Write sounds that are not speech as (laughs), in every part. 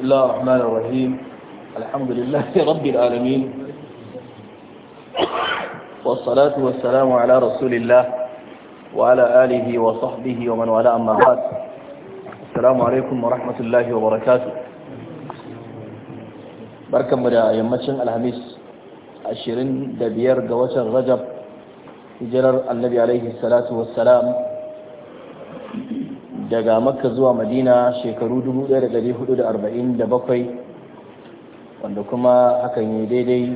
بسم الله الرحمن الرحيم الحمد لله (laughs) رب العالمين والصلاة والسلام على رسول الله وعلى آله وصحبه ومن والاه أما بعد السلام عليكم ورحمة الله وبركاته بركة مرا يمتشن الهميس الشرين دبير قوة رجب جرر النبي عليه الصلاة والسلام daga makka zuwa madina shekaru 1447 wanda kuma hakan yi daidai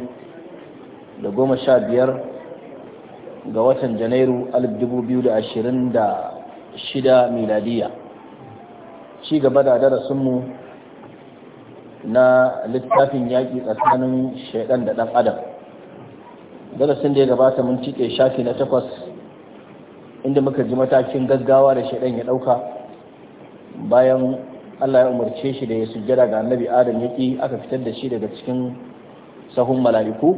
da goma sha biyar ga watan janairu 2026 miladiya ci gaba da darasinmu na littafin yaƙi tsakanin shaidan da ɗan adam darasin da ya gabata mun cike shafi na takwas inda muka ji matakin gaggawa da shaidan ya ɗauka bayan Allah ya umarce shi da ya sujjada ga annabi Adam ya ƙi aka fitar da shi daga cikin sahun mala'iku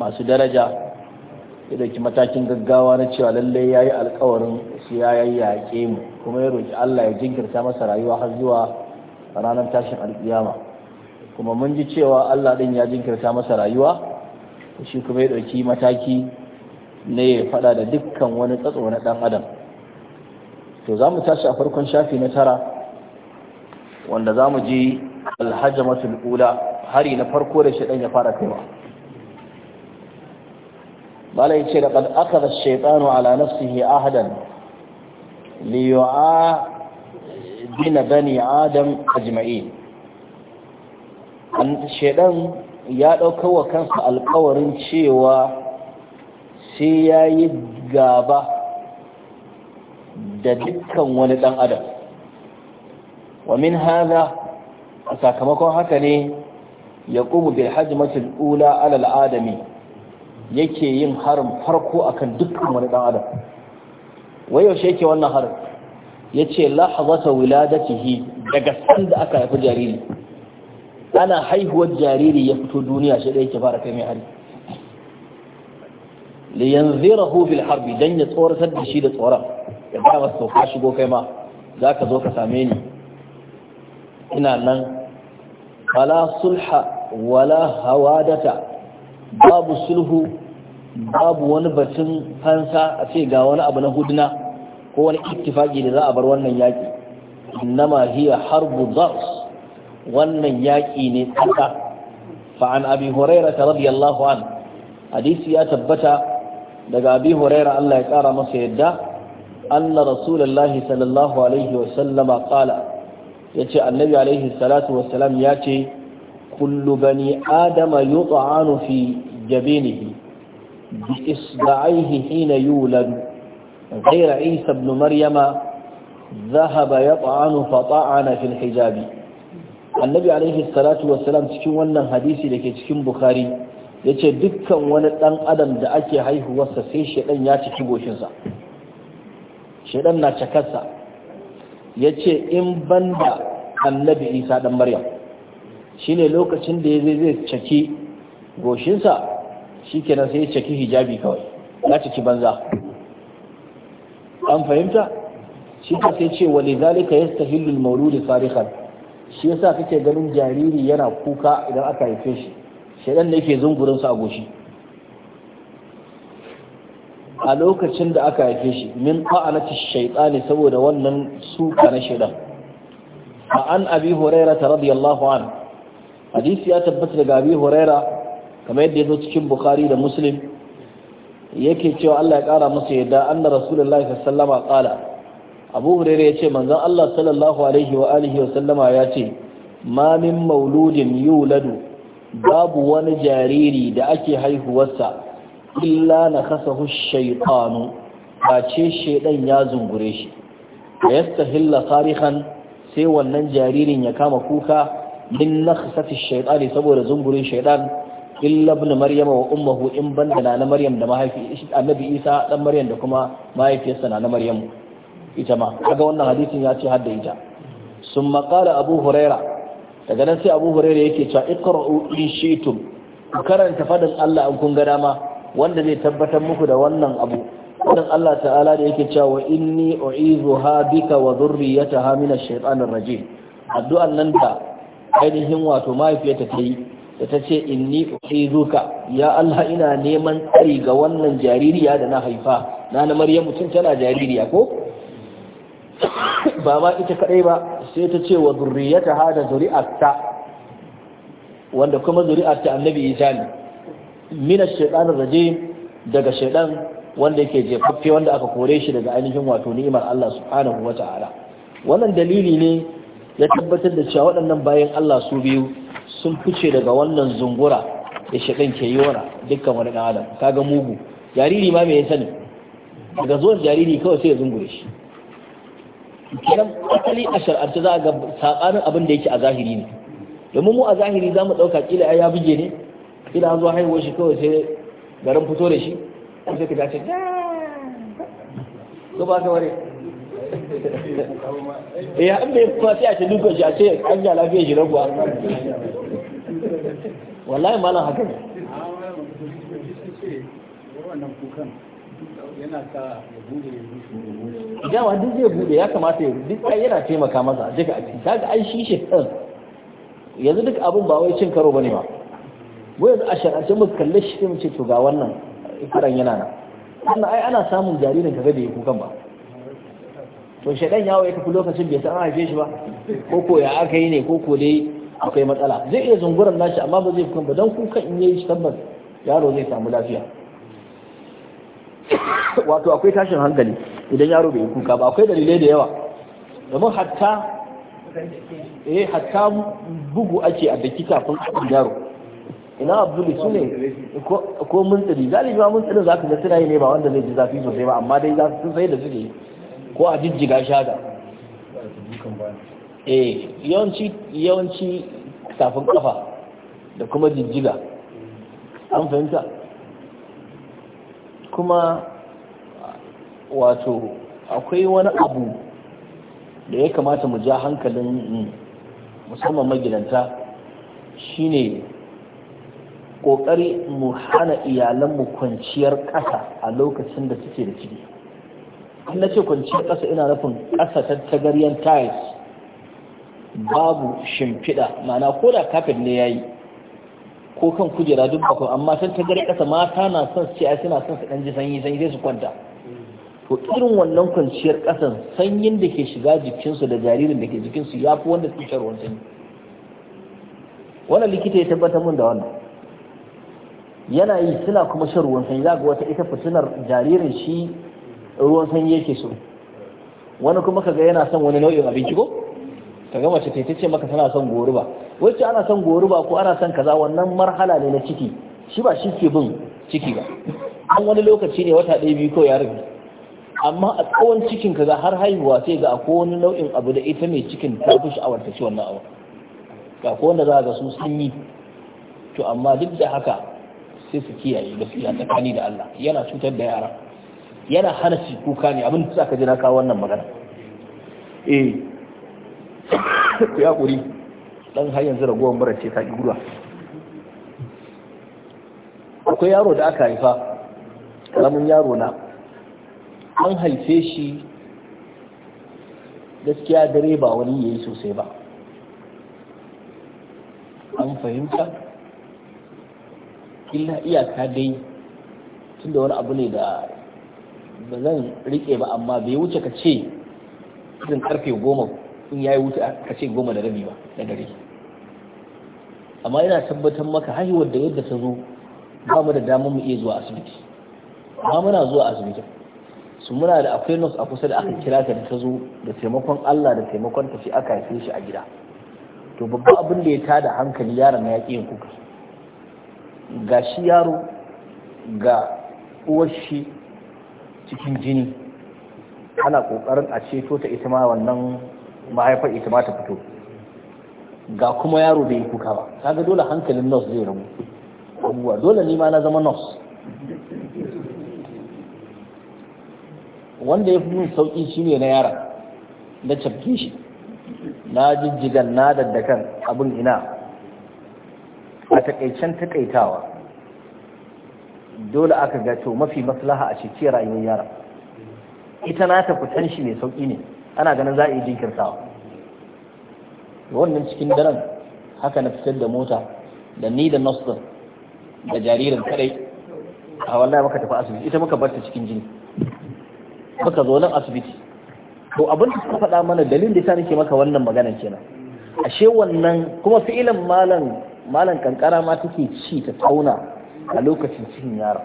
masu daraja ya ɗauki matakin gaggawa na cewa lallai ya yi alkawarin su ya yaƙe mu kuma ya roƙi Allah ya jinkirta masa rayuwa har zuwa ranar tashin alƙiyama kuma mun ji cewa Allah ɗin ya jinkirta masa rayuwa shi kuma ya ɗauki mataki ne ya faɗa da dukkan wani tsatso na ɗan adam to za mu tashi a farkon shafi na tara wanda za mu ji alhajamatul ula hari na farko da shaidan ya fara kaiwa bala ya ce da kad aka da shaidanu ala nafsihi ahadan liyu'a bina bani adam ajma'i shaidan ya ɗaukawa kansa alkawarin cewa sai ya yi gaba da dukkan wani ɗan adam wa min haza a sakamakon haka ne ya ƙumu bil ula alal adami yake yin harin farko akan dukkan wani ɗan adam wai yaushe yake wannan harin ya ce lahazata wiladatihi daga sanda aka haifi jariri ana haihuwar jariri ya fito duniya shi da yake fara kai mai hari liyanzirahu bil harbi dan ya tsoratar da shi da tsoron ya ba masa sauka shigo kai ma zaka zo ka same ni ina nan fala sulha wala hawadata babu sulhu babu wani batun fansa a ce ga wani abu na hudna ko wani ittifaki da za a bar wannan yaki innama hiya harbu dars wannan yaki ne tsaka fa an abi hurairah radiyallahu an hadisi ya tabbata daga abi huraira Allah ya kara masa yadda anna rasulullahi sallallahu alaihi wa sallama qala yace annabi alaihi salatu wa salam yace kullu bani adama yut'anu fi jabinihi bi isba'ihi hina yulad غير Maryama ابن مريم ذهب يطعن فطعن في annabi alaihi salatu wa salam cikin wannan hadisi dake cikin bukhari ya ce dukkan wani ɗan adam da ake haihuwarsa sai shaidan ya ciki goshinsa shaidan na cakarsa ya ce in banda annabi isa ɗan maryam ne lokacin da ya zai zai caki goshinsa shi kenan sai ya caki hijabi kawai ya ciki banza an fahimta shi ka sai ce wani zalika yastahillul mauludi farikan shi yasa kake ganin jariri yana kuka idan aka haife shi shaidan ne ke zungurin sa goshi a lokacin da aka haife shi min ta'anati shaytan saboda wannan suka na shaidan a an abi huraira radiyallahu an hadisi ya tabbata daga abi huraira kamar yadda ya cikin bukhari da muslim yake cewa Allah ya kara masa yadda anna rasulullahi sallallahu alaihi wasallam abu hurairu ya ce manzon Allah sallallahu alaihi wa alihi wa sallama ya ma min mauludin yuladu babu wani jariri da ake haihuwarsa illa na kasahu shaitanu ba ce shaidan ya zungure shi da yasta hilla tarihan sai wannan jaririn ya kama kuka min na kasati shaitani saboda zungurin shaidan illa ibn maryama wa ummuhu in banda na maryam da mahaifi annabi isa dan maryam da kuma mahaifiyarsa na maryam ita ma kaga wannan hadisin ya ce har da ita Sun qala abu huraira daga nan sai abu hurairu yake cewa iqra'u in shaitum ku karanta fadin Allah an kun ga dama wanda zai tabbatar muku da wannan abu fadin Allah ta'ala da yake cewa inni u'izuha bika wa dhurriyyataha min ash-shaytanir rajim addu'an nan da ainihin wato mahaifiyarta ta yi da ta ce inni u'izuka ya Allah ina neman tsari ga wannan jaririya da na haifa na na Maryamu mutum tana jaririya ko ba ma ita kadai ba sai ta ce wa zurriyata hada zuri'atta wanda kuma zuri'atta annabi isa ne min ash-shaytanir rajim daga shaytan wanda yake jefaffe wanda aka kore shi daga ainihin wato ni'imar Allah subhanahu ta'ala wannan dalili ne ya tabbatar da cewa waɗannan bayan Allah su biyu sun fice daga wannan zungura da shaytan ke yi wa dukkan wani adam kaga mugu jariri ma me ya sani daga zuwan jariri kawai sai ya zungure shi kenan asali a shar'arta za a ga saɓanin abin da yake a zahiri ne domin mu a zahiri za mu ɗauka kila ya buge ne kila an zo haihuwar shi kawai sai garin fito da shi ko sai ka dace ko ba ka ware (laughs) eh an bai kuma sai a ce dukkan shi a ce an ja lafiyar shi raguwa wallahi malam haka ne wannan kukan yana sa ya bude ya bushe yawa duk zai bude ya kamata ya duk ai yana taimaka masa duka a ciki kaga ai shi shi ɗan yanzu duk abin ba wai cin karo bane ba mu a shar'ance mu kalle shi mu ce to ga wannan karan yana nan wannan ai ana samun jaririn ka ga da ya kukan ba to shaidan yawo ya tafi lokacin bai san an haife shi ba ko ko ya aka yi ne ko ko dai akwai matsala zai iya zunguran nashi amma ba zai kukan ba dan kukan in yayi tabbas yaro zai samu lafiya wato akwai tashin hankali idan yaro bai kuka ba akwai dalilai da yawa domin hatta eh hatta bugu ake a daki kafin a yaro ina abdul su ne ko mun tsiri galibi ma mun tsirin za ka ga suna yi ne ba wanda zai ji zafi sosai ba amma dai za su sai da suke ko a jijjiga shaga eh yawanci yawanci kafin kafa da kuma jijjiga an fahimta kuma wato akwai wani abu da ya kamata mu ja hankalin musamman magidanta shine ƙoƙari mu hana iyalanmu kwanciyar ƙasa a lokacin da suke da ciki in na ce kwanciyar ƙasa ina nufin ƙasa ta tagaryen tiles babu shimfiɗa mana ko da kafin ne ya yi ko kan kujera duk ba amma san ta gari kasa mata na son su ce suna son su dan ji sanyi sanyi sai su kwanta to irin wannan kwanciyar kasan sanyin da ke shiga jikinsu da jaririn da ke jikinsu ya fi wanda suke shan ruwan sanyi wannan likita ya tabbata mun da wannan yana yi suna kuma shan ruwan sanyi za ga wata ita fitinar jaririn shi ruwan sanyi yake so wani kuma kaga yana son wani nau'in abinci ko kaga mace ta ce maka tana son goruba wacce ana son ba ko ana son kaza wannan marhala ne na ciki shi ba shi ke bin ciki ba an wani lokaci ne wata ɗaya biyu ko ya rufe amma a tsawon cikin kaza har haihuwa sai ga akwai wani nau'in abu da ita mai cikin ta fi sha'awar ta ci wannan abu ga ko wanda za ga su sun yi to amma duk da haka sai su kiyaye da gaskiya tsakani da Allah yana cutar da yara yana hana shi kuka ne abin da ka ji na kawo wannan magana eh ya (coughs) kuri dan har yanzu ragowar mura ce ta guduwa akwai yaro da aka haifa karamin yaro na an haife shi gaskiya dare ba wani yayi sosai ba an fahimta illa iyaka dai tunda wani abu ne da ba zan rike ba amma bai wuce ka ce irin karfe goma in ya yi wuce ka ce goma da rabi ba da dare amma ina tabbatar maka haihuwar da yadda ta zo ba mu da damar mu iya zuwa asibiti amma muna zuwa asibiti su muna da akwai nus a kusa da aka kira ta da ta zo da taimakon Allah da taimakon ta shi aka haife shi a gida to babban abin da ya tada hankali yaron ya yaƙi yin kuka ga shi yaro ga uwar shi cikin jini ana ƙoƙarin a ceto ta ita ma wannan mahaifar ita ma ta fito ga kuma yaro bai yi kuka ba kaga dole hankalin nos zai rabu abubuwa dole ni ma na zama nos. wanda ya fi min sauƙi ne na yaron na cafke shi na jijjigan na daddakan abin ina a takaicen takaitawa dole aka ga to mafi maslaha a cikin rayuwar yara ita na tafi fitan shi mai sauƙi ne ana ganin za a yi jinkirtawa wannan cikin daren haka na fitar da mota da ni da nasdar da jaririn kadai a wallahi muka tafi asibiti ita muka bar cikin jini muka zo nan asibiti to abin da suka faɗa mana dalilin da yasa nake maka wannan magana kenan ashe wannan kuma fi'ilan malam malam kankara ma take ci ta tauna a lokacin cikin yaro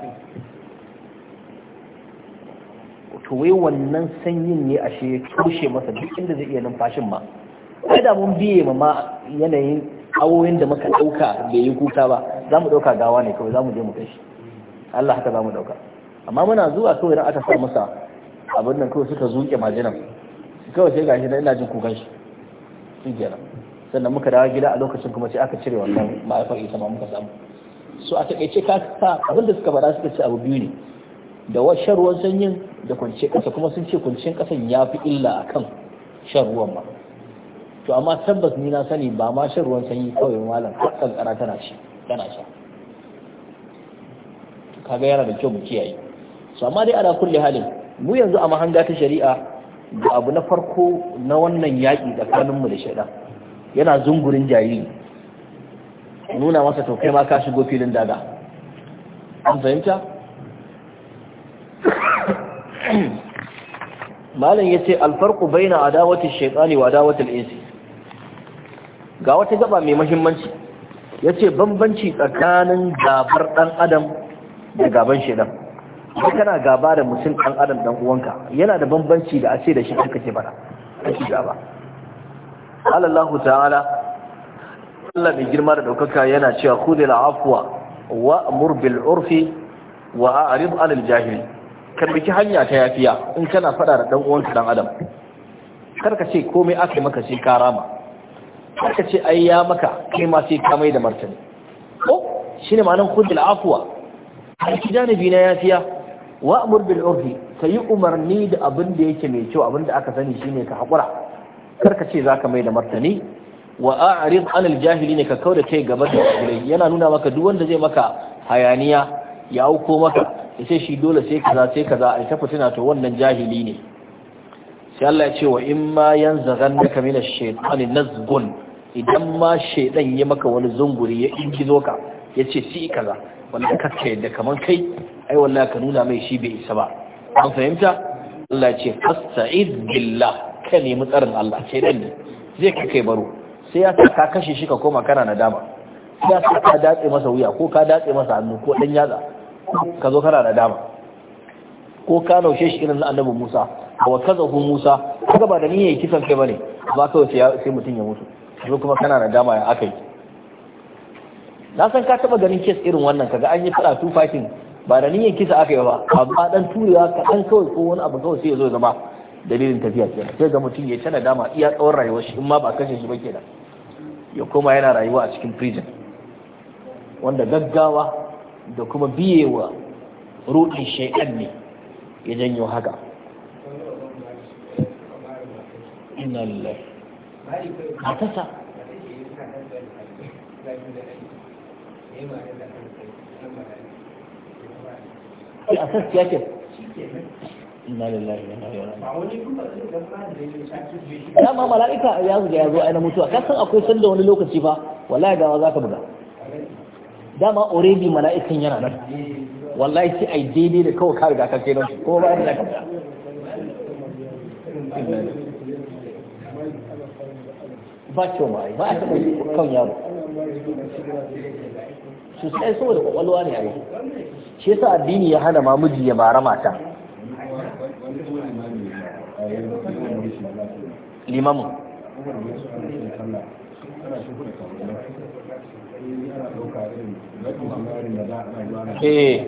to wai wannan sanyin ne ashe ya toshe masa duk inda zai iya numfashin ma ai da mun biye ma ma yanayin awoyin da muka ɗauka bai yi kuka ba za mu ɗauka gawa ne kawai za mu je mu kai shi Allah haka za mu ɗauka amma muna zuwa kawai idan aka sa masa abin nan kawai suka zuke majinan kawai sai gashi na ina jin kukan shi shi kenan sannan muka dawo gida a lokacin kuma sai aka cire wannan ma'aifar ita ma muka samu so a takaice ka sa abin da suka faɗa suka ce abu biyu ne da washan ruwan sanyin da kwance ƙasa kuma sun ce kwanciyar ƙasan ya fi illa akan shan ruwan ma to amma tabbas ni na sani ba ma shan ruwan sanyi kawai malam kara tana ci tana sha kaga yana da kyau mu kiyaye to amma dai ala kulli halin mu yanzu a mahanga ta shari'a da abu na farko na wannan yaƙi tsakanin mu da shaida. yana zungurin jariri nuna masa to kai ma ka shigo filin daga an fahimta (coughs) malam yace alfarqu baina adawati shaytani wa adawati al-insi ga wata gaba mai mahimmanci, ya ce bambanci tsakanin gabar dan adam da gaban shaidan kai kana gaba da mutum dan adam dan uwanka yana da bambanci da ace da shi kake bara kake gaba alallahu ta'ala Allah mai girma da ɗaukaka yana cewa da afuwa wa murbil urfi wa a'rid 'anil jahil karbiki hanya ta yafiya in kana fada da dan uwanka dan adam karka ce komai aka maka shi karama. rama aka ce ai ya maka kai ma sai ka mai da martani ko shine ma'anar khudul afwa ai janibi na yafiya wa amur bil urfi kayi umarni da abin da yake mai kyau abin da aka sani shine ka hakura karka ce zaka mai da martani wa a'rid anil jahilin ka kauda kai gaba da jahilai yana nuna maka duk wanda zai maka hayaniya ya auko maka sai shi dole sai kaza sai kaza ai tafi fitina to wannan jahili ne sai Allah ya ce wa imma yanzaghannaka minash shaytanir nazghun idan ma shaidan ya maka wani zunguri ya zo ka ya ce si kaza ka kakka yadda kamar kai ai wallahi ka nuna mai shi bai isa ba an fahimta Allah ce fasta'id billah ka nemi tsarin Allah shaidan ne zai ka kai baro sai ya ka kashe shi ka koma kana nadama sai ya ka datse masa wuya ko ka datse masa hannu ko dan yatsa ka zo kana nadama ko ka naushe shi irin annabi Musa wa kazahu Musa ka ba da niyyar kisan kai bane ba kawai sai mutum ya mutu yau kuma kana da dama ya aka yi na san ka taba ganin kes irin wannan kaga an yi fada tufakin ba da niyan kisa aka yi ba amma dan turewa kaɗan kawai ko wani abu kawai sai ya zo zama dalilin tafiya kenan sai ga mutum ya tana dama iya tsawon rayuwar shi in ma ba kashe shi ba kenan ya koma yana rayuwa a cikin prison wanda gaggawa da kuma biyewa ruɗin shaidan ne ya janyo haka inna lillahi Eh, a kasa. a ya ce dama mala'ika ya zuga ya zo aina mutuwa ka san sanda wani lokaci ba wallahi gawa buga dama already mala'ikan yana nan wallahi sai ai daidai da kawai ka riga ka kenan ko ba ya da ka ba kyau ba a taɓa kan yaro sosai saboda kwakwalwa ne a shi yasa addini ya hana ma ya mara mata limamin eh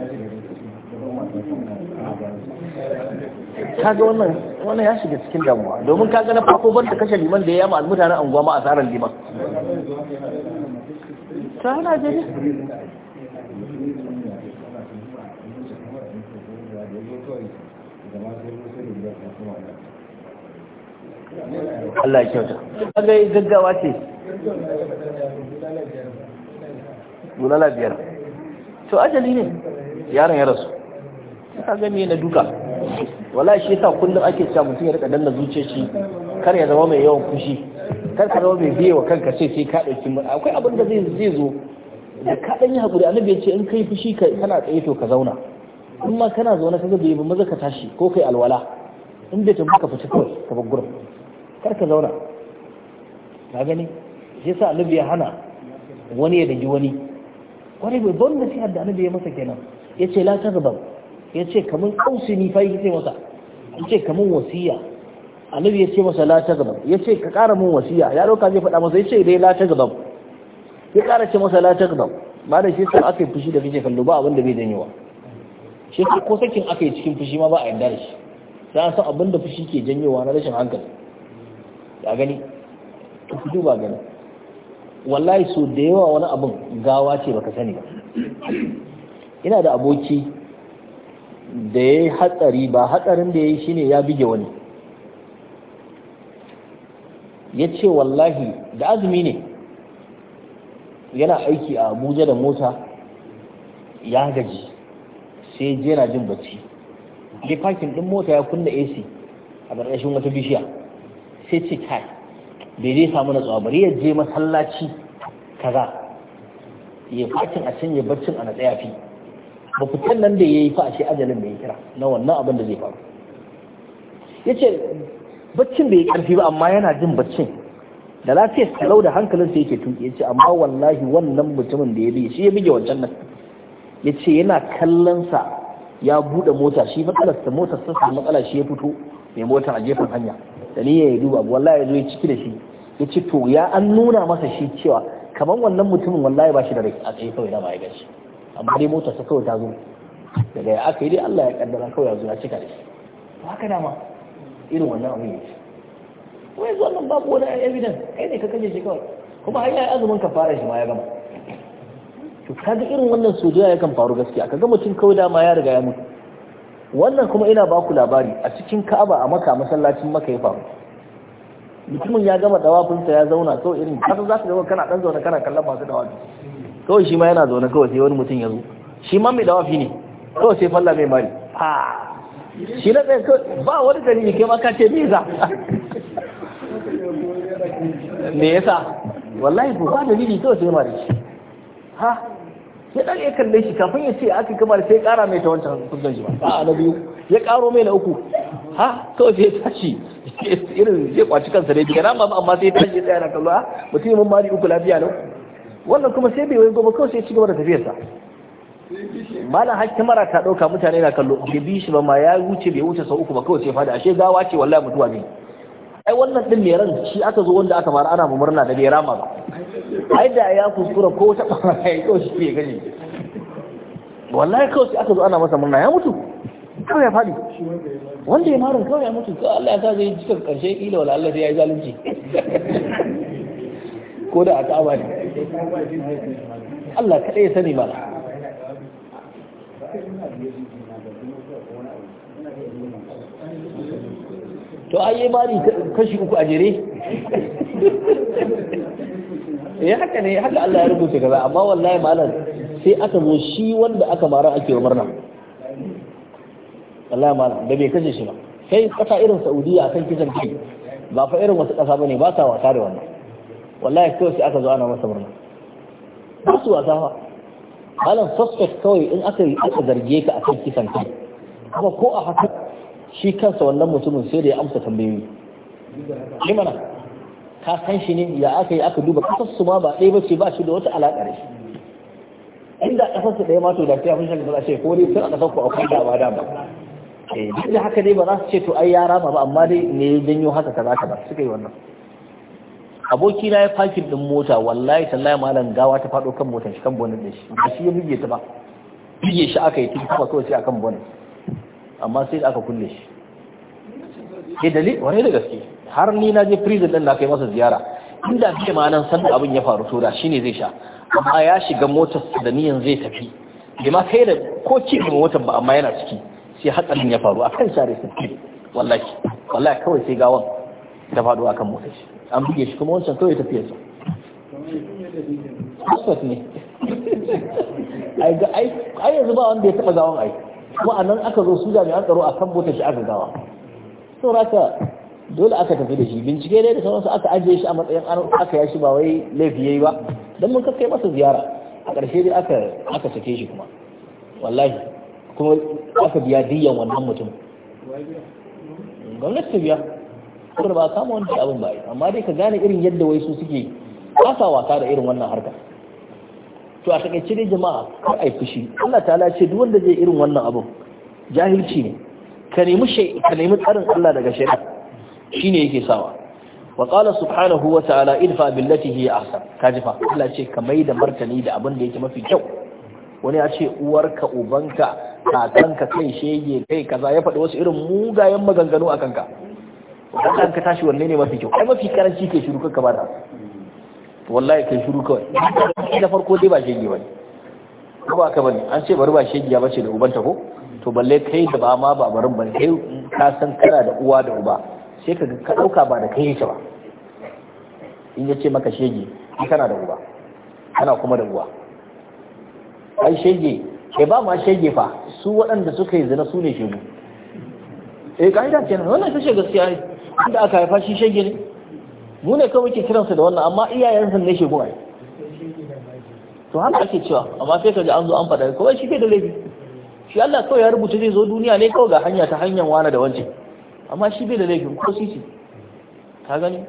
kaga wannan wannan ya shiga cikin damuwa domin kaga na farko banda kashe liman da ya yama mutanen anguwa ma asarar liman ta da jini Allah ya kyauta kaga yi gaggawa ce Gulala biyar to ajali ne yaron ya rasu ka ga me na duka wala shi yasa kullum ake cewa mutum ya rika danna zuciyar shi kar ya zama mai yawan fushi kar ka zama mai biye wa kanka sai sai ka dauki mu akwai abin da zai zai zo da ka dan yi hakuri annabi ya ce in kai fushi ka kana tsaye to ka zauna in ma kana zaune kaga bai ba maza ka tashi ko kai alwala in bai tabbata ka fita kawai ka bar gurin kar ka zauna ka gani shi yasa annabi ya hana wani ya dangi wani kwarai bai bar nasihar da annabi ya masa kenan Ya ce la tazbab ya ce kamun ni fa yi masa ya ce kamun wasiya annabi ya ce masa la ta ya ce ka ƙara mun wasiya ya ɗauka zai faɗa masa ya ce dai la ta ya ƙara ce masa la ta ba da shi sun aka yi fushi da fice, kallo ba abin da bai janyewa shi ko sakin aka yi cikin fushi ma ba a yarda da shi sai an san abin da fushi ke janyewa na rashin hankali ya gani to fi duba gani wallahi so da yawa wani abin gawa ce baka sani ba ina da aboki da ya yi hatsari ba hatsarin da ya yi shine ya bige wani ya ce wallahi da azumi ne yana aiki a abuja da mota ya gaji sai je na jin bacci da fakin din mota ya kunna ac a ƙarƙashin wata bishiya sai ce kai bai zai samu na bari ya je masallaci kaza ya fakin a can ya baccin a na tsayafi ba fitan nan da ya yi fa a ce ajalin da ya kira na wannan abin da zai faru ya ce baccin bai yi ƙarfi ba amma yana jin baccin da lafiyar kalau da hankalinsa yake tuki ya ce amma wallahi wannan mutumin da ya bi shi ya bige wancan nan ya ce yana kallonsa ya buɗe mota shi mota sun sassa matsala shi ya fito mai motar a gefen hanya da ni ya yi duba wallahi ya zo ya ciki da shi ya ce to ya an nuna masa shi cewa kamar wannan mutumin wallahi ba shi da rai a tsaye kawai da ma ya gashi amma dai motar ta kawai ta zo daga ya aka yi dai Allah ya kaddara kawai ya zo ya cika da haka dama irin wannan abin yake wai zuwa nan babu wani evidence kai ne ka kaje shi kawai kuma har yayi azumin ka fara shi ma ya gama to kaga irin wannan sojoya ya kan faru gaskiya kaga mutum kawai dama ya riga ya mutu wannan kuma ina ba ku labari a cikin Ka'aba a maka masallacin maka ya faru mutumin ya gama dawafinsa ya zauna kawai irin kasa za ka zama kana dan zauna kana kallon masu dawafi kawai shi ma yana zaune kawai sai wani mutum ya zo shi ma mai dawafi ne kawai sai falla mai mari ha shi na tsaye ba wani ne kai ma ka ce me yasa me yasa wallahi ko ba dalili kawai sai mari ha ya dan ya kalle shi kafin ya ce aka kamar sai kara mai ta wancan kusan shi ba a na biyu ya karo mai na uku ha kawai sai ya tashi irin zai kwaci kansa dai daga nan ba amma sai ya tashi ya tsaya na kallo ha mutum mun mari uku lafiya lau wannan kuma sai bai wai gobe kawai sai ci gaba da tafiyarsa malam har mara ta dauka mutane na kallo bai bi shi ba ma ya wuce bai wuce sau uku ba kawai sai fada ashe gawa ce wallahi mutuwa ne ai wannan din mai ran shi aka zo wanda aka mara ana mu murna da bai rama ba ai da ya kuskura ko wata bara ya kawai shi ke gani wallahi kawai sai aka zo ana masa murna ya mutu kawai ya fadi wanda ya mara kawai ya mutu kawai Allah ya sa zai cikin karshe ila wala Allah sai ya yi zalunci (laughs) ko da a ta'aba ne Allah kaɗai ya sani ba to a yi bari kashi uku a jere ya (laughs) eh, haka ne haka Allah ya rubuta kaza amma wallahi malam sai aka zo shi wanda aka mara ake wa murna wallahi ma'ana. da bai kashe shi ba kai kasa irin Saudiya kan kisan kai ba fa irin wasu kasa ne, ba sa wasa da wannan wallahi kawai sai aka zo ana masa murna ba su wasa ba malam suspect kawai in aka yi aka zarge ka akan kisan kai kuma ko a haka shi kansa wannan mutumin sai da ya amsa tambayoyi shi mana ka san shi ne ya aka yi aka duba kasar su ma ba ɗaya ce ba shi da wata alaƙa da shi inda kasar su ɗaya ma to da sai abin shan da ce ko dai sai a kasar ku akwai da ba da ba eh duk da haka dai ba za su ce to ai ya rama ba amma dai ne janyo haka kaza kaza suka yi wannan aboki na ya fakin din mota wallahi tallahi malam gawa ta fado kan motar shi kan bonnet din shi ba shi ya buge ta ba buge shi aka yi tun kuma kawai sai akan bonnet amma sai da aka kulle shi ke dalil wani da gaske har ni na je prison din na kai masa ziyara inda bai ma nan san abin ya faru to da shine zai sha amma ya shiga motar da niyan zai tafi bai kai da ko ci da motar ba amma yana ciki sai hatsarin ya faru akan share sai wallahi wallahi kawai sai gawan ta faɗo akan motsa shi an buge shi kuma wancan kawai tafiya sa asfat ne ai ga ai yanzu ba wanda ya taɓa gawan ai kuma anan aka zo su jami'an tsaro a kan motar shi aka gawa raka dole aka tafi da shi bincike dai da sauransu aka ajiye shi a matsayin an aka yashi ba wai laifi yayi ba dan mun kai masa ziyara a ƙarshe dai aka aka sake shi kuma wallahi kuma aka biya diyan wannan mutum gwamnati ta biya kuma ba kama wani abin ba amma dai ka gane irin yadda wai su suke kasa wasa da irin wannan harka to a takaice dai jama'a kar ai fushi Allah ta'ala ce duk wanda zai irin wannan abin jahilci ne ka nemi shay ka nemi tsarin Allah daga shari'a shine yake sawa wa qala subhanahu wa ta'ala idfa billati hi ahsan kajifa Allah ce ka mai da martani da abin da yake mafi kyau wani ya ce uwarka ubanka kakanka kai shege kai kaza ya faɗi wasu irin mugayen maganganu a kanka dan ka tashi wanne ne mafi kyau ai mafi karanci ke shiru kanka ba da wallahi kai shiru kawai da farko dai ba shege bane ko ba ka bane an ce bari ba ba bace da ta ko to balle kai da ba ma ba barin bane kai ka san kana da uwa da uba sai ka ka dauka ba da kai ta ba in yace maka shege kai kana da uba kana kuma da uwa ai shege kai ba ma shege fa su waɗanda suka yi zina su ne shegu eh kaida kenan wannan ta ce gaskiya da aka haifa shi shege ne mu ne kawai muke kiransa da wannan amma iyayensa ne shegu ai to haka ake cewa amma sai ka ji an zo an faɗa kawai shi ke da laifi shi Allah kawai ya rubuta zai zo duniya ne kawai ga hanya ta hanyar wani da wancan amma shi bai da laifin ko ce ka gani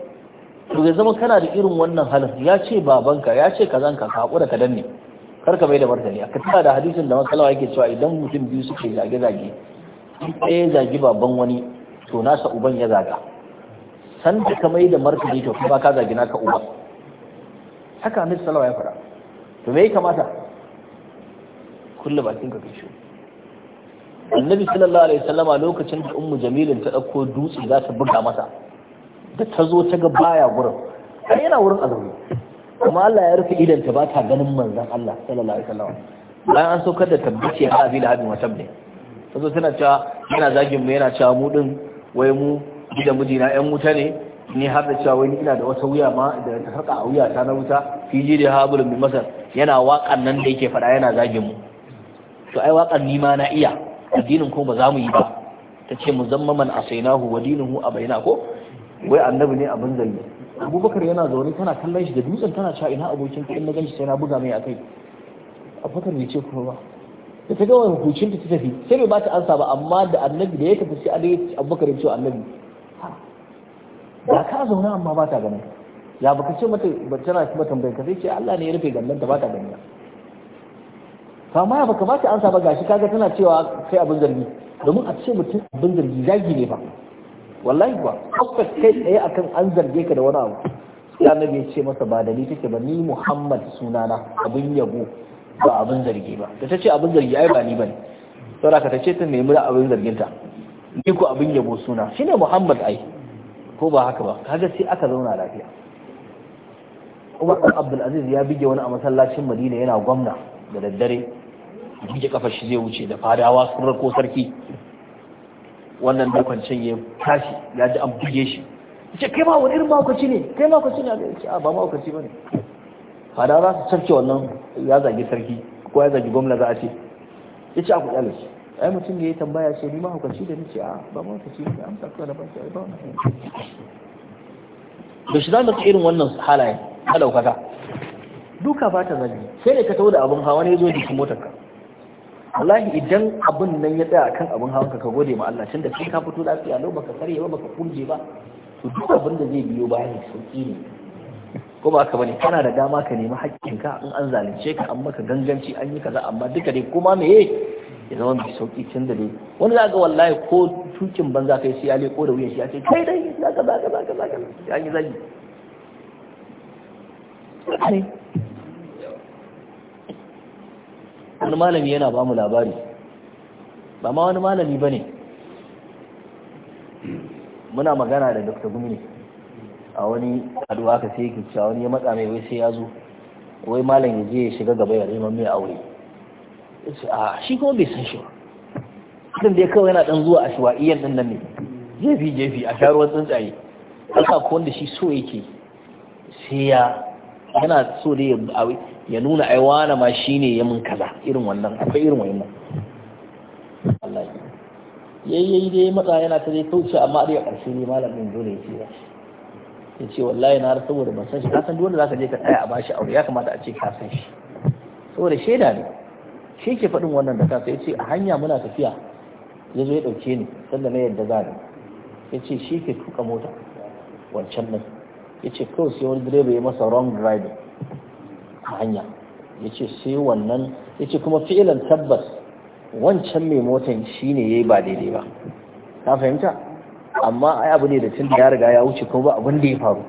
to zai zama kana da irin wannan halin ya ce babanka ya ce kazanka ka haƙura ka danne kar ka mai da martani a tana da hadisin da masalawa yake cewa idan mutum biyu suke zage-zage ɗaya zagi baban wani to nasa uban ya zaga san da ka mai da martani to kuma ka zagi naka uba haka annabi Salawa ya fara to me kamata kullu bakin ka kishi annabi sallallahu alaihi wasallama lokacin da ummu jamilin ta dauko dutse za ta buga masa da ta zo ta ga baya gurin har yana wurin azumi kuma Allah ya rufe idan ta ba ta ganin manzon Allah sallallahu alaihi wasallama bayan an saukar da tabbaci ha abi hadin wa tabne ta zo tana cewa yana zagin mu yana cewa mu din wai mu gidan da mijina yan wuta ne ni har da cewa wani ina da wata wuya ma da ta faka a wuya ta na wuta fi ji da habulun bin masar yana waƙan nan da yake faɗa yana zagin mu to ai waƙan ni ma na iya addinin ko ba za mu yi ba ta ce mu zamma man asainahu wa dinuhu a baina ko wai annabi ne abin zalli abubakar yana zaune tana kallon shi da dutsen tana cewa ina abokin ka in na ganshi sai na buga mai akai abubakar bai ce kuma ba da ta gama hukuncin ta tafi sai bai ba ta ansa ba amma da annabi da ya tafi sai abubakar ya ce annabi ba ka zauna amma ba ta ganin ya baka ce mata ba tana kuma tambayar ka sai ce Allah ne ya rufe gannan ta ba ta ganin to ma ya baka ba ta ansa ba gashi kaga tana cewa kai abin zargi domin a ce mutum abin zargi zagi ne ba wallahi ba haka kai tsaye akan an zarge ka da wani abu sai annabi ya ce masa ba da ni take ba ni Muhammad sunana abin yabo ba abin zargi ba da ta ce abin zargi ai ba ni bane saboda ka ta ce ta nemi abin zarginta ni abin yabo suna shine Muhammad ai ko ba haka ba kaga sai aka zauna lafiya Umar bin Abdul Aziz ya bige wani a masallacin Madina yana gwamna da daddare bige kafar shi zai wuce da fadawa sun ko sarki wannan dukan can ya tashi ya ji an buge shi ce kai ma wani irin makwaci ne kai makwaci ne a ce a ba makwaci ba ne fadawa za su sarki wannan ya zagi sarki ko ya zagi gwamna za a ce ya ce aku kuɗi ai mutum ya tambaya ce ni mahaukaci da nace a ba mahaukaci amsa kawai na baki ai ba da shi za mu irin wannan halaye halaukata duka ba ta zagi sai ne ka tau da abin hawa ne zo jikin motarka wallahi idan abin nan ya tsaya kan abin hawa ka gode ma Allah tunda kai ka fito lafiya lau baka karye ba baka kunje ba to duk abin da zai biyo bayan sauki ne ko ba haka bane kana da dama ka nemi haƙƙinka in an zalunce ka an maka ganganci an yi kaza amma duka dai kuma meye ya zama mai sauki can da dai wani za ka wallahi ko tukin banza kai sai ya leko da wuyan shi ya ce kai dai za ka za ka za ka za ka ya yi zagi wani malami yana ba mu labari ba ma wani malami ba ne muna magana da dr gumi a wani aduwa ka sai kicci cewa wani ya matsa mai wai sai ya zo wai malam ya je ya shiga gaba ya neman mai aure a shi kuma bai san shi ba da ya kawai yana dan zuwa a shuwa'iyyar din nan ne jefi jefi a sharuwar tsuntsaye haka ko wanda shi so yake sai ya yana so da ya nuna ai wani ma shine ya mun kaza irin wannan akwai irin wannan Allah yi yayi dai matsa yana ta dai kauce amma dai ƙarshe ne malamin dole ya ce ya ce wallahi na saboda ban san shi ka san dole za ka je ka tsaya a bashi aure ya kamata a ce ka san shi saboda shaida ne shi ke faɗin wannan da ya ce a hanya muna tafiya ya zo ya ɗauke ni sanda na yadda za ni ce shi ke tuka mota wancan nan ya ce kawai sai wani direba ya masa wrong driving a hanya ya ce sai wannan ya ce kuma fi'ilan tabbas wancan mai motan shine yi ba daidai ba ka fahimta amma ai abu ne da tun da ya riga ya wuce kuma ba abin da ya faru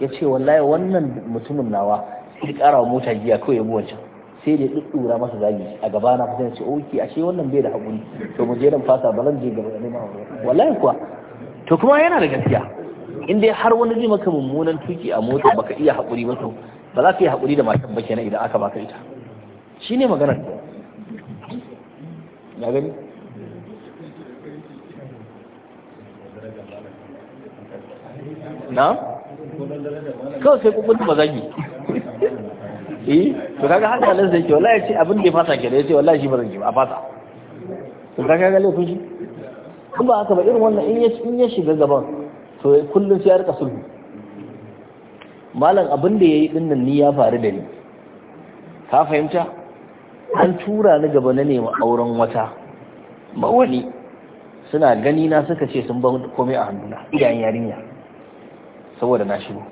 ya ce wallahi wannan mutumin nawa sai ƙara mota giya kawai ya bi wancan sai da ɗuɗɗura masa zagi a gaba na kusa ce oke ashe wannan bai da haƙuri to mu je nan fasa ba zan je gaba da neman aure wallahi kuwa to kuma yana da gaskiya in dai har wani zai maka mummunan tuki a mota baka iya haƙuri ba to ba za ka yi haƙuri da matan ba kenan idan aka baka ita shine maganar na gani na kawai sai kukunta ba zagi eh to kaga haka nan sai ke wallahi ce abin da ya fasa ke da yace wallahi shi ba zan ki a fasa to kaga ga laifin shi in ba haka ba irin wannan in ya shiga gaban to kullum sai ya rika sulhu malam abin da yayi din nan ni ya faru da ni ka fahimta an tura ni gaba na nema auren wata ba wani suna gani na suka ce sun ban komai a hannuna iyayen yarinya saboda na shigo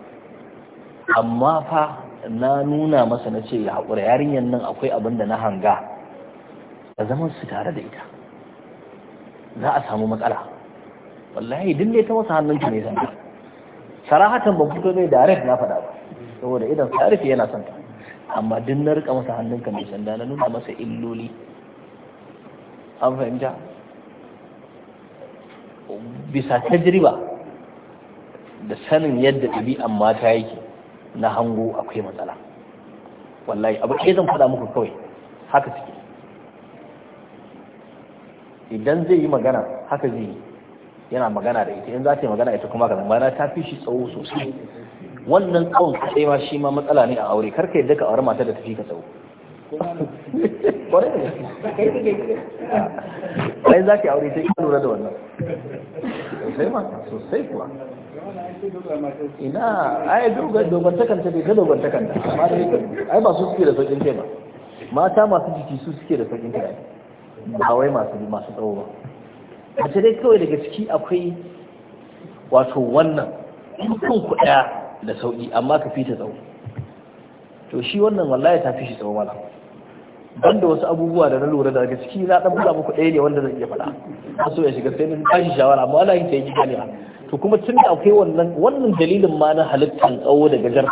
amma fa na nuna masa na ce ya haƙura yarinyar nan akwai abin da na hanga a zaman su tare da ita za a samu matsala wallahi duk ne ta masa hannun ta ne zanta sarahatan ba fito ne da na faɗa ba saboda idan sarif yana son ta amma duk na rika masa hannunka mai sanda na nuna masa illoli an fahimta bisa tajriba da sanin yadda ɗabi'an mata yake na hango akwai matsala wallahi abu ke zan fada muku kawai haka suke idan zai yi magana haka zai yana magana da ita in za ta yi magana ita kuma zama na ta fi shi tsawo sosai wannan tsawon kaɗai ma shi ma matsala ne a aure karka yadda ka aure mata da tafi ka tsawo kwarai za ka aure sai ka lura da wannan sosai ma sosai kuwa ina ai dogon takanta bai ta dogon takanta amma yake ai ba su suke da sauƙin kai ba mata masu jiki su suke da sauƙin kai ba wai masu masu tsawo ba mace dai kawai daga ciki akwai wato wannan in kan ku da sauƙi, amma ka ta tsawo to shi wannan wallahi ta fi shi tsawo mala banda wasu abubuwa da na lura da daga ciki na ɗan buga muku ɗaya ne wanda zan iya faɗa so ya shiga sai na ba shi shawara amma yin ta yi gani to kuma tun da akwai wannan wannan dalilin ma na halittar tsawo da gajar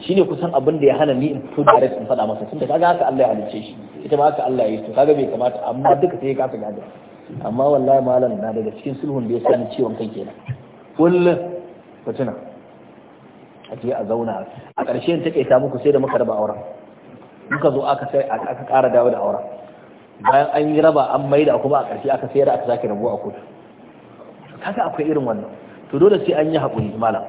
shine kusan abin da ya hana ni in fito direct in faɗa masa tun da kaga haka Allah ya halicce shi ita ma haka Allah ya yi to kaga bai kamata amma duka sai ya kasa gada amma wallahi malam na daga cikin sulhun da ya sani ciwon kai kenan kullum fatina a je a zauna a ƙarshe ta kaita muku sai da muka raba auren muka zo aka sai aka ƙara dawo da auren bayan an yi raba an maida kuma a ƙarshe aka sayar aka sake rabuwa a kotu kaga akwai irin wannan to dole sai an yi haƙuri malam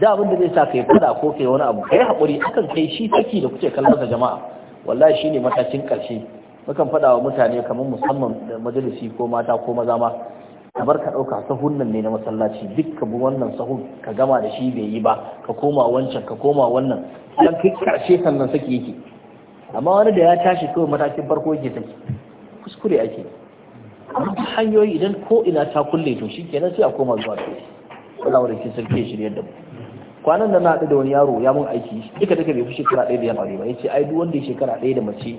da abin da zai sa kai faɗa ko kai wani abu kai haƙuri akan kai shi saki da kuke kallon sa jama'a wallahi shine matakin ƙarshe mukan fada wa mutane kamar musamman da majalisi ko mata ko maza ma ka ka ɗauka sahun ne na masallaci duk ka bi wannan sahun ka gama da shi bai yi ba ka koma wancan ka koma wannan dan kai ƙarshe sannan saki yake amma wani da ya tashi kawai matakin farko yake saki kuskure ake amma hanyoyi idan ko ina ta kulle to shikenan sai a koma zuwa shi Allah wadda sarki ya shirya da mu kwanan da na haɗu da wani yaro ya mun aiki duka duka bai fi shekara ɗaya da ya faru ba ya ce ai duk wanda ya shekara ɗaya da mace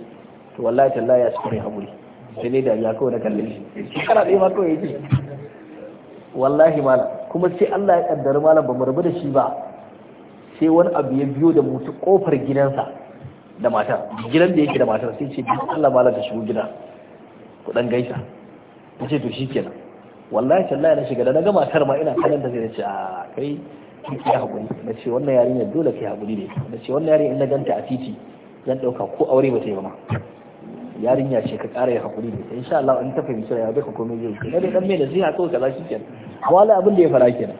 to wallahi tallahi ya suka mai haƙuri sai da dariya kawai na kallon shi shekara ɗaya ma kawai ya ce wallahi malam kuma sai Allah ya ƙaddara malam ba mu rabu da shi ba sai wani abu ya biyo da mutu ƙofar gidansa da matar gidan da yake da matar sai ce Allah malam ta shigo gida ku ɗan gaisa ta ce to shi kenan wallahi tallahi na shiga da na ga matar ma ina kallon da zai ce a ah, kai ki hakuri na ce wannan yarinya dole ki hakuri ne na ce wannan in na ganta a titi zan ɗauka ko aure ba ta yi ba ma yarinya ce ka ƙara ya hakuri ne insha Allah in ta fahimci ya ka komai zai yi na dai dan mai zai kawai kaza shi kenan wala abin da ya fara kenan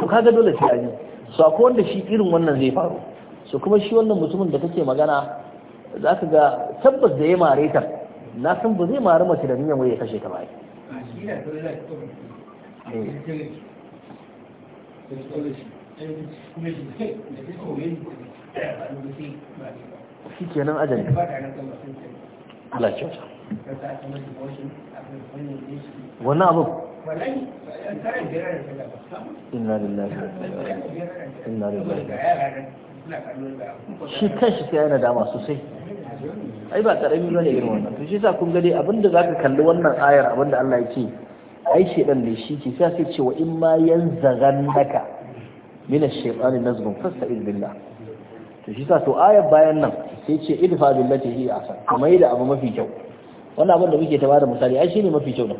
to kaga dole sai an yi so akwai wanda shi irin wannan zai faru so kuma shi wannan mutumin da kake magana zaka ga tabbas da ya mare ta na san ba zai mare mace da niyyar wai ya kashe ta ba shi ke nan ajali Allah kyauta wani abu inna lillahi inna shi shi dama sosai ai ba karami bane irin wannan to shi yasa kun ga dai abinda zaka kalli wannan ayar abinda Allah ya ce ai shedan ne shi ke sai ce wa in ma yanzaghannaka min ash-shaytani nazghun fasta'id billah to shi yasa to ayar bayan nan sai ce idfa billati hi ahsan kuma yi da abu mafi kyau wannan abin da muke ta bada misali ai shine mafi kyau ne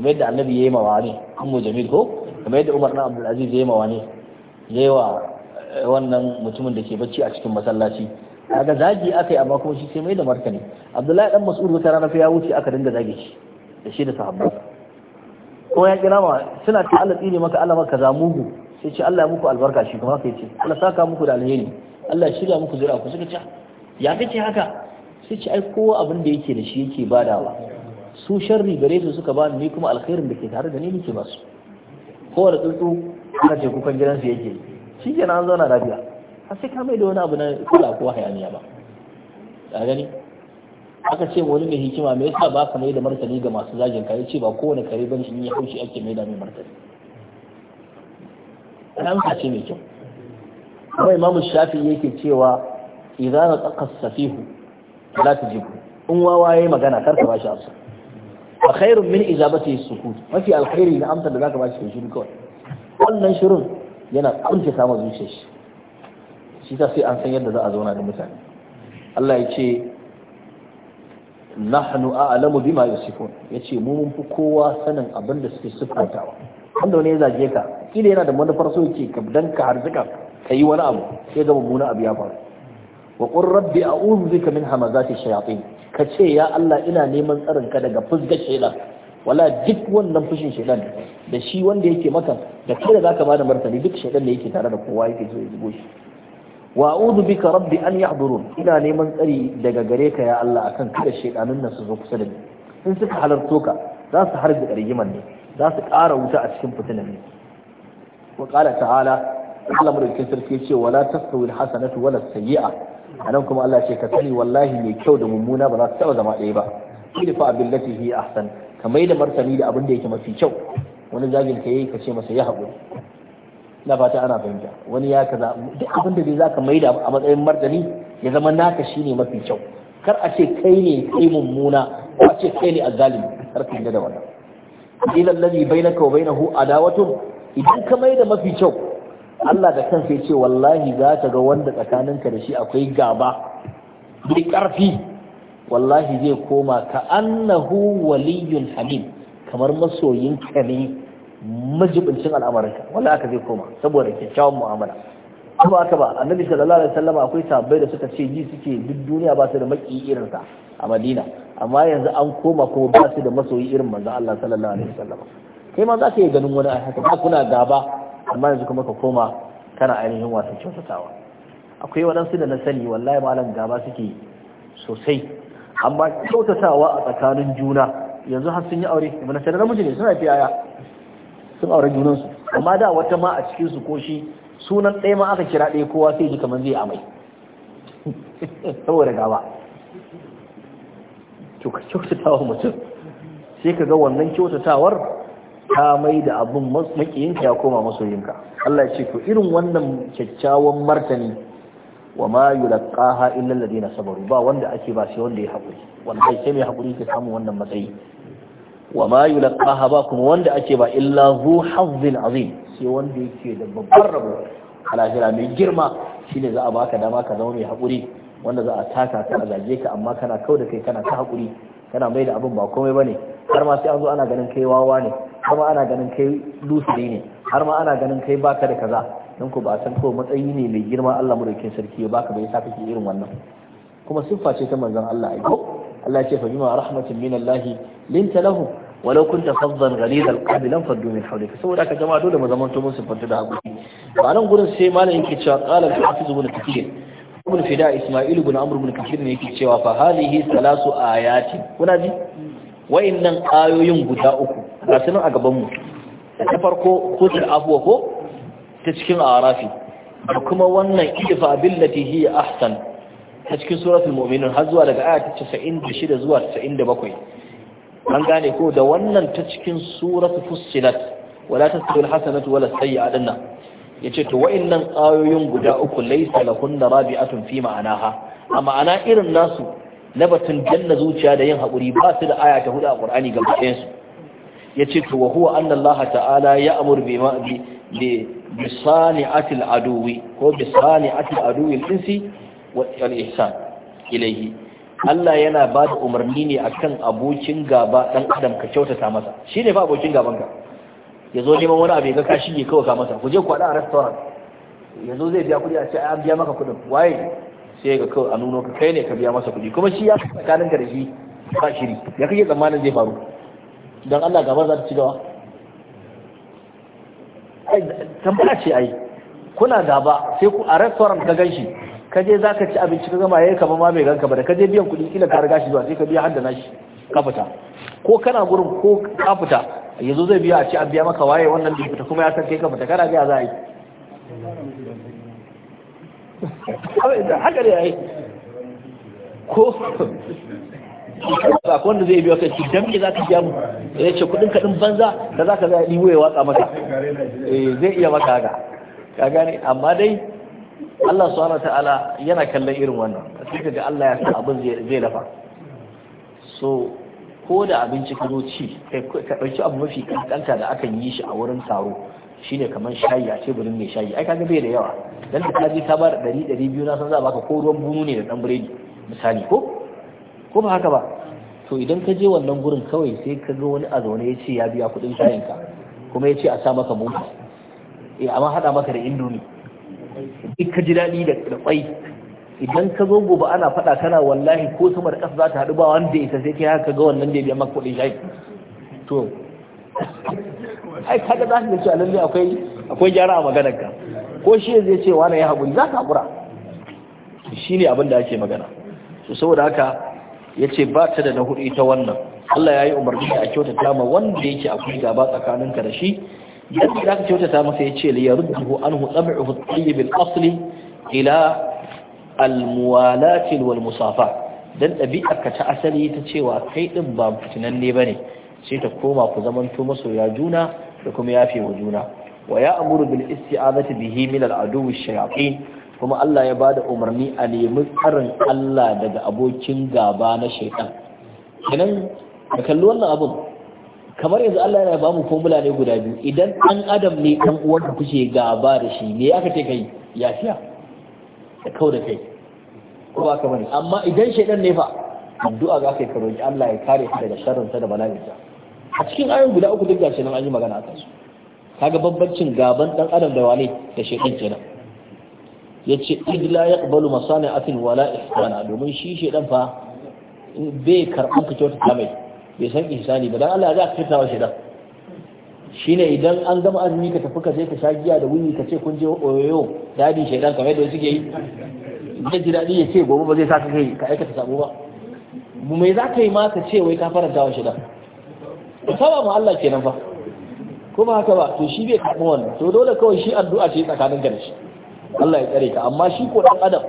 kuma yadda annabi yayi mawa ne ammu jamil ko kuma yadda umar na abdul aziz yayi mawa ne yayi wa eh, wannan mutumin da ke bacci a cikin masallaci kaga zagi yi amma kuma shi sai mai da martani abdullahi dan mas'ud wata rana fa ya wuce aka dinga zagi shi da shi da sahabbai ko ya kira ma suna ta Allah tsire maka Allah maka za sai ce Allah ya muku albarka shi kuma kai ce Allah saka muku da alheri Allah shirya muku zira ku suka ce ah, ya kace haka sai ce ai kowa abin da yake da shi yake badawa su sharri gare su suka bani ni kuma alkhairin da ke tare da ni nake ba su kowane tsuntsu aka ce kukan gidansu yake shi kenan an zauna lafiya har sai ka mai da wani abu na kula ko hayaniya ba a gani aka ce wani mai hikima me yasa ba ka mai da martani ga masu zagin ka ce ba kowane kare bane in ya haushi ake mai da mai martani an ce mai kyau kuma imamu shafi yake cewa idza nataqa safihu la tujibu in wawa yayi magana kar ka bashi amsa fa khairun min ijabati sukut mafi alkhairi na amsa da zaka bashi shi kawai wannan shirin yana kunce sama zuciyar shi shi ta sai an san yadda za a zauna da mutane Allah ya ce nahnu a'lamu bima yusifun yace mu mun fi kowa sanin abin da suke sifantawa wanda wani ya zage ka kila yana da manufar so yake ka dan ka harzuka ka yi wani abu sai ga mummuna abu ya faru wa qur rabbi a'udhu bika min hamazati shayatin ka ce ya Allah ina neman tsarin ka daga fusgar shaytan wala duk wannan fushin shaytan da shi wanda yake maka da kai da zaka bada martani duk shaytan ne yake tare da kowa yake so ya zubo shi wa a'udhu bika rabbi an yahdurun ina neman tsari daga gare ka ya Allah akan kada shedanun nan su zo kusa da ni in suka halarto ka za su harbi rigiman ne za su ƙara wuta a cikin fitinan ne wa qala ta'ala Allah madaukakin sarki ce wala tastawi alhasanatu wala sayyi'a anan kuma Allah ce ka sani wallahi mai kyau da mummuna ba za su taɓa zama ɗaya ba idfa billati hi ahsan ka mai da martani da abin da yake mafi kyau wani zagin ka yayi ka ce masa ya haƙuri na fata ana fahimta wani ya kaza duk abin da zaka maida a matsayin martani ya zama naka shine mafi kyau kar a ce kai ne kai mummuna ko a ce kai ne azzalimi kar ka da wannan idan ladhi bainaka wa bainahu adawatun idan ka maida mafi kyau Allah da kansa ya ce wallahi za ta ga wanda tsakaninka da shi akwai gaba bi ƙarfi wallahi zai koma ka annahu waliyyun hamim kamar masoyin ka ne majibincin al'amarinka wanda aka zai koma saboda kyakkyawan mu'amala kuma aka ba annabi sallallahu alaihi wasallam akwai sabbai da suka ce ji suke duk duniya ba su da maki irin sa a Madina amma yanzu an koma ko ba su da masoyi irin manzo Allah sallallahu alaihi wasallam kai ma za ka yi ganin wani a haka ba kuna gaba amma yanzu kuma ka koma kana ainihin wasan kyautatawa akwai waɗansu da na sani wallahi malam gaba suke sosai amma kyautatawa a tsakanin juna yanzu har sun yi aure mana na sanar namiji ne suna fi sun aure junansu amma da wata ma a cikin su ko shi sunan ɗaya ma aka kira ɗaya kowa sai ji kamar zai amai (laughs) saboda gaba to ka kyautatawa mutum sai ka ga wannan kyautatawar ta mai da abin makiyinka ya koma masoyinka Allah ya ce to irin wannan kyakkyawan martani wa ma yulqaha illa alladhina sabaru ba wanda ake ba sai wanda ya haƙuri wanda sai mai haƙuri ka samu wannan matsayi wa ma yulqaha ba kuma wanda ake ba illa zu hazzin azim sai wanda yake da babbar rabo alahira mai girma shine za a baka dama ka zama mai hakuri wanda za a taka ka a zage ka amma kana kau da kai kana ta hakuri kana mai da abin ba komai bane har ma sai an zo ana ganin kai wawa ne har ma ana ganin kai lusuri ne har ma ana ganin kai baka da kaza don ku ba san matsayi ne mai girma Allah murakin sarki ya baka bai sa kake irin wannan kuma siffa ce ta manzon Allah ai ko Allah ya ce fa bima rahmatin min Allah linta lahu walau kunta faddan ghalid alqalbi lam faddu min hawlik saboda ka jama'a dole mu zaman to mun sifanta da hakuri ba nan gurin sai malamin yake cewa qala al-hafiz ibn kathir ibn fida isma'il ibn amr ibn kathir ne yake cewa fa hadhihi thalasu ayatin kuna ji wayannan ayoyin guda uku ga sunan a gaban mu ta farko khudul afwa ko ta cikin arafi da kuma wannan idfa billati hi ahsan ta cikin suratul mu'minun har zuwa daga aya ta 96 zuwa 97 an gane ko da wannan ta cikin suratu fussilat wala tasbihu alhasanatu wala sayyi'atu nan yace to wa'annan ayoyin guda uku laysa lahunna rabi'atun fi ma'anaha a ma'ana irin nasu na batun janna zuciya da yin haƙuri ba su da aya ta hudu a ƙur'ani ga bayan su yace to wa huwa anna Allah ta'ala ya'mur bi ma'bi bi bisani'atil aduwi ko bisani'atil aduwi al-insi wa al-ihsan ilayhi Allah yana ba da umarni ne akan abokin gaba dan adam ka kyautata masa shi ne fa abokin gaban ka ya zo neman wani abu ga ka ne kawai ka masa ku je ku hada a restaurant zo zai biya kuɗi a ce an biya maka kuɗin waye sai ga kawai a nuno ka kai ne ka biya masa kuɗi kuma shi ya tsakanin ka da shi ba shiri ya kake tsammanin zai faru don Allah gaba za ta ci gaba tambaya ce ai kuna gaba sai ku a restaurant ka ganshi ka je za ka ci abinci ka gama yayi kama ma bai ganka ba da ka je biyan kuɗi kila ka riga shi zuwa sai ka biya hadda nashi ka fita ko kana gurin ko ka fita yanzu zai biya a ci an biya maka waye wannan bai fita kuma ya san kai ka fita kana ga za a yi (laughs) haka ne yayi ko ba wanda zai biya kai dan me zaka biya mu ya ce kudin kadin banza da zaka za a ɗiwo ya watsa maka eh zai iya maka haka ka gane amma dai Allah subhanahu ta'ala yana kallon irin wannan cikin da Allah ya sa abin zai lafa so ko da abinci ka zo ci ka ɗauki abu mafi kankanta da akan yi shi a wurin taro shine kamar shayi a teburin mai shayi ai kaga bai da yawa dan da ka je ka bar ɗari ɗari biyu na san za baka ko ruwan bunu ne da dan biredi misali ko ko ba haka ba to idan ka je wannan gurin kawai sai ka ga wani a zaune ya ce ya biya kuɗin shayinka ka kuma ya ce a sa maka mota eh amma haɗa maka da indomie. ka ji daɗi da ƙarfai idan ka zo gobe ana faɗa kana wallahi ko sama da ƙasa za ta haɗu ba wanda isa sai kai haka ga wannan da ya biya maka kuɗin shayi to ai kaga za ka ga cewa lalle akwai akwai gyara a maganar ka ko shi zai ce wani ya haƙuri za ka haƙura shine abin da ake magana to saboda haka ce ba ta da na hudu ita wannan Allah ya yi umarni a kyautata ma wanda yake akwai gaba tsakaninka da shi yadda za ka kyautata masa ya ce liya rudduhu anhu tsab'uhu at-tayyib al-asli ila al-muwalati wal musafa dan ɗabi'arka ta asali ta cewa kai ɗin ba fitinanne ba ne sai ta koma ku zamanto masoya juna da kuma yafe wa juna wa ya amuru bil isti'azati bihi min al aduw shayatin kuma Allah ya bada umarni a nemi tsarin Allah daga abokin gaba na shaytan kenan ka kalli wannan abun kamar yanzu Allah yana ba mu formula ne guda biyu idan ɗan adam ne ɗan uwanka kuke gaba da shi me aka ce kai ya fiya da kau da kai ko ba ka bane amma idan shaidan ne fa addu'a za ka yi karoji Allah ya kare ka daga sharrin ta da bala'in a cikin ayoyin guda uku duk gashi nan an yi magana akan su kaga babbancin gaban ɗan adam da wane da shaidan kenan yace id la yaqbalu masani'atin wala ihsana domin shi shaidan fa bai karɓar ka kyautata mai bai san insani ba dan Allah za ka kirtawa shi dan shine idan an gama azumi ka tafi ka je ka sha giya da wuni ka ce kun je oyoyo dadi shaidan kamar yadda suke yi zai ji dadi ya ce gobe ba zai sa ka kai ka aikata sabo ba Mu mai za ka yi ma ka ce wai ka faranta wa dan? saba mu Allah kenan fa kuma haka ba to shi bai karɓi wannan to dole kawai shi addu'a ce tsakanin ka da shi Allah ya tsare ka amma shi ko dan adam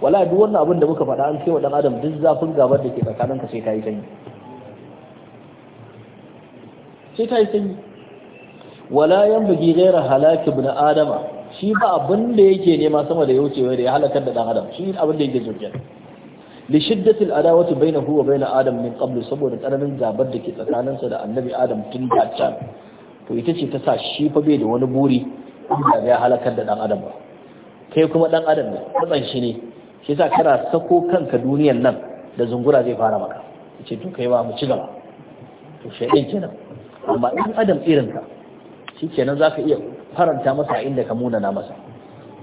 wala duk wannan abin da muka faɗa an ce wa dan adam duk zafin gabar da ke tsakanin ka sai ka yi kai sai ta yi sanyi wala yan bugi gaira halaki bin adama shi ba abin da yake nema sama da yauce da ya halakar da dan adam shi abin da yake jirgin li shiddatil adawati bainahu wa bain adam min qabl saboda tsananin gabar da ke tsakaninsa da annabi adam tun da can to ita ce ta sa shi fa bai da wani buri da ya halakar da dan adam ba kai kuma dan adam ne matsan shi ne shi yasa kana sako kanka duniyar nan da zungura zai fara maka ce to kai ba mu ci gaba to kenan amma in adam irin ka shi kenan za ka iya faranta masa inda ka munana masa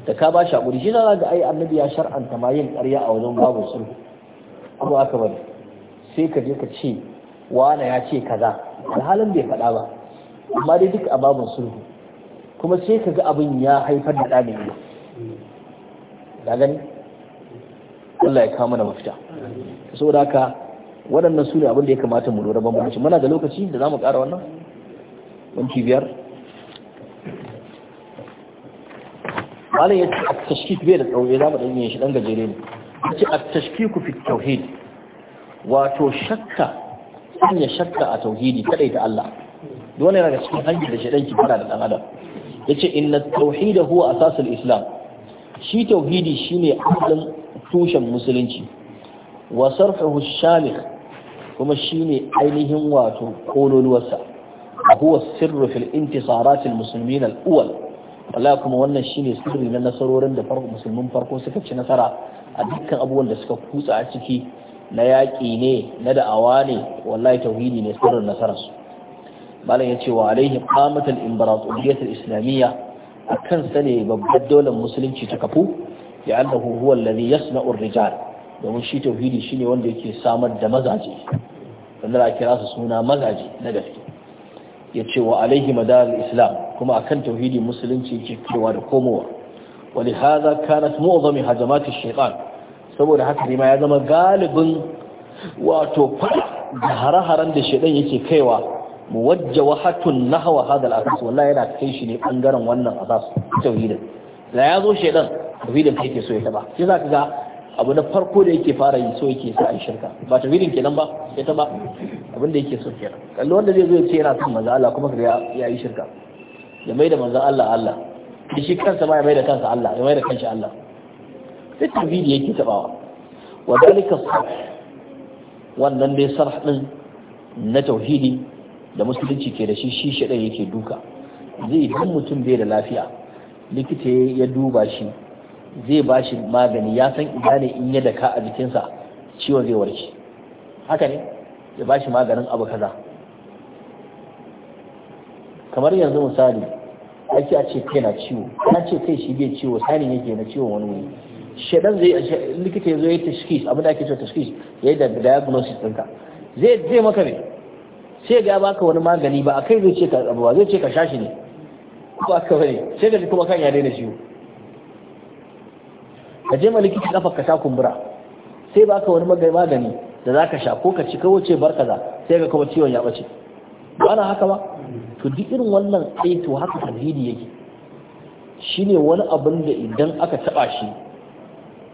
da ka ba shi hakuri shi za ga ai annabi ya shar'anta ma yin ƙarya a wajen babu sulhu ko aka bari sai ka je ka ce wane ya ce kaza alhalin bai faɗa ba amma dai duk a babu sulhu kuma sai ka ga abin ya haifar da ɗa ne da gani Allah ya kawo mana mafita saboda haka waɗannan su ne abin da ya kamata mu lura bambanci muna da lokaci da za mu ƙara wannan wanki biyar malam ya ce a tashkik bai da tsaure za mu ɗanye shi ɗan gajere ne ya ce a tashkiku fi tauhid wato shakka sanya shakka a tauhidi kadai ta Allah dole daga cikin hanyar da shaɗan kifara da ɗan adam ya ce inna tauhida huwa asasul islam shi tauhidi shine asalin tushen musulunci wa sarfahu shamil kuma shine ainihin wato kololuwarsa a huwa sirru fil intisaratil Musulmin al-awwal Allah kuma wannan shine sirri na nasarorin da farko musulmin farko suka ci nasara a dukkan abubuwan da suka kutsa a ciki na yaƙi ne na da'awa ne wallahi tauhidi ne sirrin nasararsu malam ya ce wa alaihi qamatul imbaraturiyatul islamiyya akan sa ne babbar daular musulunci ta kafu ya annahu huwa alladhi yasna'u ar-rijal domin shi tauhidi shine wanda yake samar da mazaje wanda a kira su suna mazaje na gaske ya ce wa alaihi madar islam kuma akan tauhidi musulunci yake kewa da komowa wani haza kanat mu'azami hajamati saboda haka ne ma ya zama galibin wato da hare-haren da shaitan yake kaiwa muwajjawahatun nahwa hadal asas wallahi yana kai shi ne bangaren wannan asas tauhidin da ya zo shaitan tauhidin yake so ya taba shi za ka ga abu na farko da yake fara yi so yake sa a shirka ba wirin kenan ba sai ta ba abin da yake so kenan kallo wanda zai zo ya ce yana son manzo Allah kuma ga ya yi shirka ya mai da manzo Allah Allah shi kansa ma ya mai da kansa Allah ya mai da kanshi Allah sai bi yake tabawa wa dalika wannan dai sarh din na tauhidi da musulunci ke da shi shi shaɗan yake duka zai idan mutum bai da lafiya likita ya duba shi zai ba shi magani ya san ina ne in yi daka a jikinsa ciwon zai warke haka ne ya ba shi maganin abu kaza kamar yanzu misali ake a ce kai na ciwo na ce kai shi bai ciwo sani yake na ciwon wani wuri shedan zai likita ya zo ya tashkish abin da ake cewa tashkish ya yi da diagnosis ɗinka zai zai maka ne sai ga baka wani magani ba a kai zai ce ka abu ba zai ce ka shashi ne ko aka bane sai ga kuma kan ya daina ciwo ka je ma likita kafa ka sha kumbura sai ba ka wani magani da za ka sha ko ka ci kawace bar kaza sai ka kuma ciwon ya bace ba na haka ba to duk irin wannan ai eh, to haka tauhidi yake shine wani abin da idan aka taba shi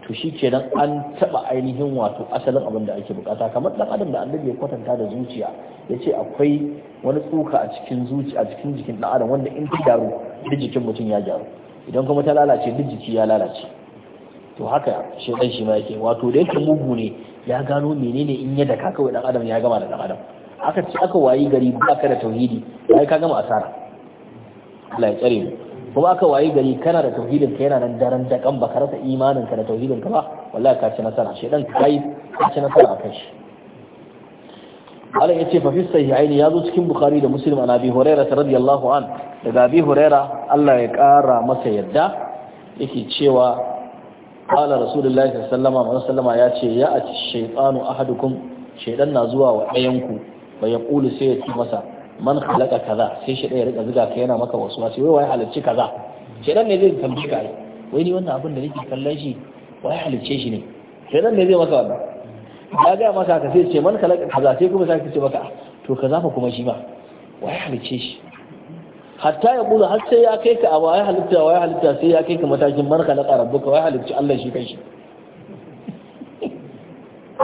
to shi ke kenan an taba ainihin wato asalin abin da ake bukata kamar dan adam da annabi ya kwatanta da zuciya ya ce akwai wani tsuka a cikin zuciya a cikin jikin dan adam wanda in ta gyaru duk jikin mutum ya gyaru idan kuma ta lalace duk jiki ya lalace to haka shedan shi ma yake wato da yake mugu ne ya gano menene in ya daka kawai dan adam ya gama da dan adam aka ci aka wayi gari ba ka da tauhidi ai ka gama asara Allah ya tsare mu kuma aka wayi gari kana da tauhidin ka yana nan daren da kan baka rasa imanin ka da tauhidin ka ba wallahi ka ci nasara shedan kai ka ci nasara akan shi Allah ya ce fa fi sahihain ya zo cikin bukhari da muslim an abi hurairah radiyallahu an daga abi hurairah Allah ya kara masa yadda yake cewa قال rasulullahi الله صلى الله ya ce ya ati يا ahadukum shaydan na zuwa wa ɗayanku bai ya kulu sai ya ce masa man khalaqa kaza sai shaydan ya ka yana maka wasu wasu wai wai halicci kaza shaydan ne zai ka wai ni wannan abin da nake kallon shi wai halicce shi ne shedan ne zai maka wannan ya ga maka ka sai ce man khalaqa kaza sai kuma sai ce maka to kaza fa kuma shi ba wai halicce shi hatta ya kula har sai ya kai ka a waye halitta waye halitta sai ya kai ka matakin marka na karabuka waye halitta Allah shi kai shi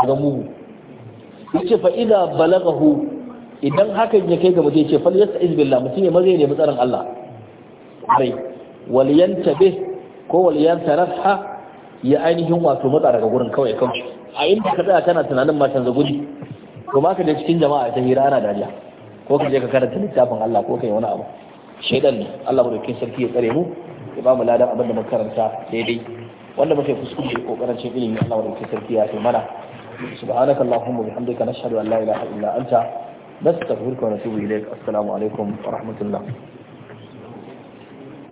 ga mu yace fa idza balaghahu idan haka ya kai ga mutum yace fal yastaiz billah mutum ya maza ne matsarin Allah bai wal yantabih ko wal yantaraha ya ainihin wato matsa daga gurin kawai kawai a inda ka tsaya kana tunanin ma canza guri kuma ka je cikin jama'a ta hira ana dariya ko ka je ka karanta littafin Allah ko kai wani abu shaidan ne Allah mu dauke sarki ya tsare mu ya ba mu ladan abin da makaranta daidai wanda muke kuskure ko karancin ilimi Allah mu dauke sarki ya taimana subhanaka allahumma bihamdika nashhadu an la ilaha illa anta nastaghfiruka wa natubu ilaik assalamu alaikum wa rahmatullah